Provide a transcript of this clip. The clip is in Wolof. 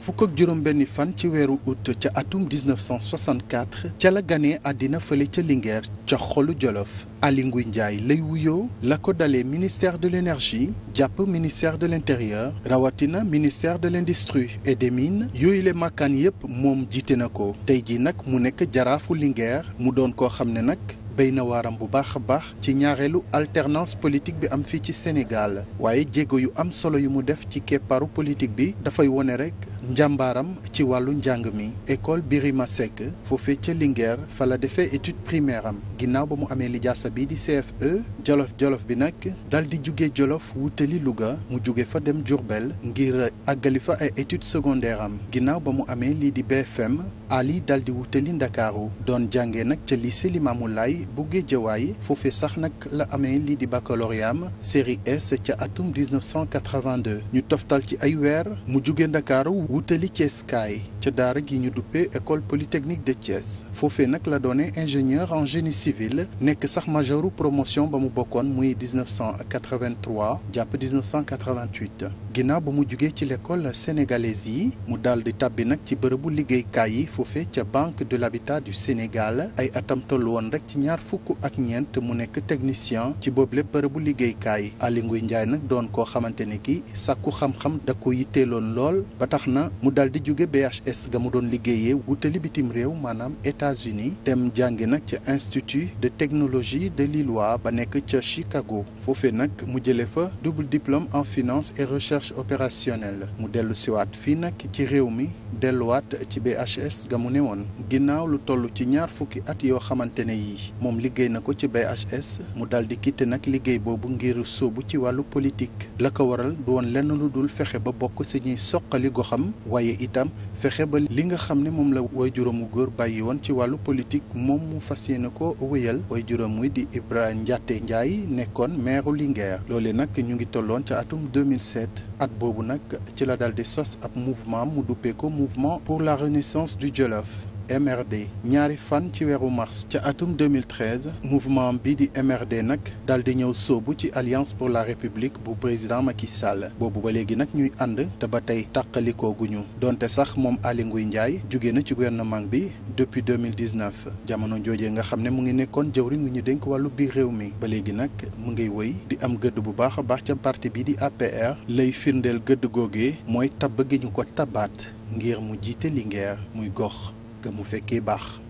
fukk ak juróom benni fan ci weeru août ca atum 1964 ca la ganee àddina fële ca Linguère ca xolu Jolof Aly Ngouille Ndiaye lay wuyoo la ko dalee ministère de l'énergie jàpp ministère de l'intérieur rawatina ministère de l'industrie et de mines yooyule le màkkaan yépp moom jiite na ko tey ji nag mu nekk jaraafu Linguère mu doon koo xam ne nag béy na waaram bu baax a baax ci ñaareelu alternance politique bi am fii ci Sénégal waaye jéego yu am solo yu mu def ci kepparu politique bi dafay wone rek njàmbaaram ci wàllu njàng mi école Birima Seck foofee ca Linguère fa la defee étude primaire am ginnaaw ba mu amee lijaasa bi di CFE jolof jolof bi nag dal di jóge jolof wutali Louga mu jóge fa dem Diourbel ngir àggali fa ay étude secondaire am ginnaaw ba mu amee lii di BFM Ali dal di wutali Ndakaaru doon jàngee nag ca li Limamou Laye bu Guédiawaye foofee sax nag la amee lii di baccalauréat am série S ca atum ñu toftal ci ay weer mu jóge Ndakaaru wutali ceeskaay ca daara gi ñu duppee école polytechnique de Thiès foofee nag la doone ingénieur en génie civil nekk sax major promotion ba mu bokkoon muy 1983 jàpp 1988 ginnaaw ba mu jógee ci l'école sénégalaise yi mu daal di tàbbi nag ci bërëbu liggéeykaay yi foofee ca banque de l'habitat du Sénégal ay atam toll woon rek ci ñaar fukk ak ñeent mu nekk technicien ci boobu lépp bërëbu liggéeykaay Aly Ngouille Ndiaye nag doon koo xamante ne ki sàkku xam-xam da ko yitteeloon lool ba tax na mu daal di jóge BHS e ECS ga mu doon liggéeyee wutali bitim réew maanaam États-Unis dem jàngi nag ca institut de technologie de liloi ba nekk ca Chicago foofee nag mu jëlee fa double diplôme en finance et recherche opérationnelle mu dellu siwaat fii nag ci réew mi delluwaat ci BHS ga mu ne woon ginnaaw lu toll ci ñaar fukki at yoo xamante ne moom liggéey na ko ci BHS mu daal di quitté nag liggéey boobu ngir sóobu ci wàllu politique la ko waral du woon lenn lu dul ba bokk fexe fexe li nga xam ne moom la way juróomu góor bàyyi woon ci wàllu politique moom mu fas yéene ko wéyal way juróom wi di Ibrahima Ndiaté Ndiaye nekkoon maire Linguère loolee nag ñu ngi tolloon ca atum 2007 at boobu nag ci la daal di sos ab mouvement mu duppee ko mouvement pour la renaissance du Jolof MRD ñaari fan ci weeru mars ca atum 2013 mouvement bi di MRD nag dal di ñëw soobu ci alliance pour la république bu président Macky Sall boobu ba léegi nag ñuy ànd te ba tey tàqalikooguñu donte sax moom Aly Ngouille Ndiaye jóge na ci gouvernement bi depuis 2019 jamono joojee nga xam ne mu ngi nekkoon jëwriñ ngi ñu dénk wàllu biir réew mi ba léegi nag mu ngi wëy di am gëdd bu baax a baax ca parti bi di APR lay firndeel gëdd googee mooy tabb gi ñu ko tabaat ngir mu jiite Linguère muy gox que mu fekkee baax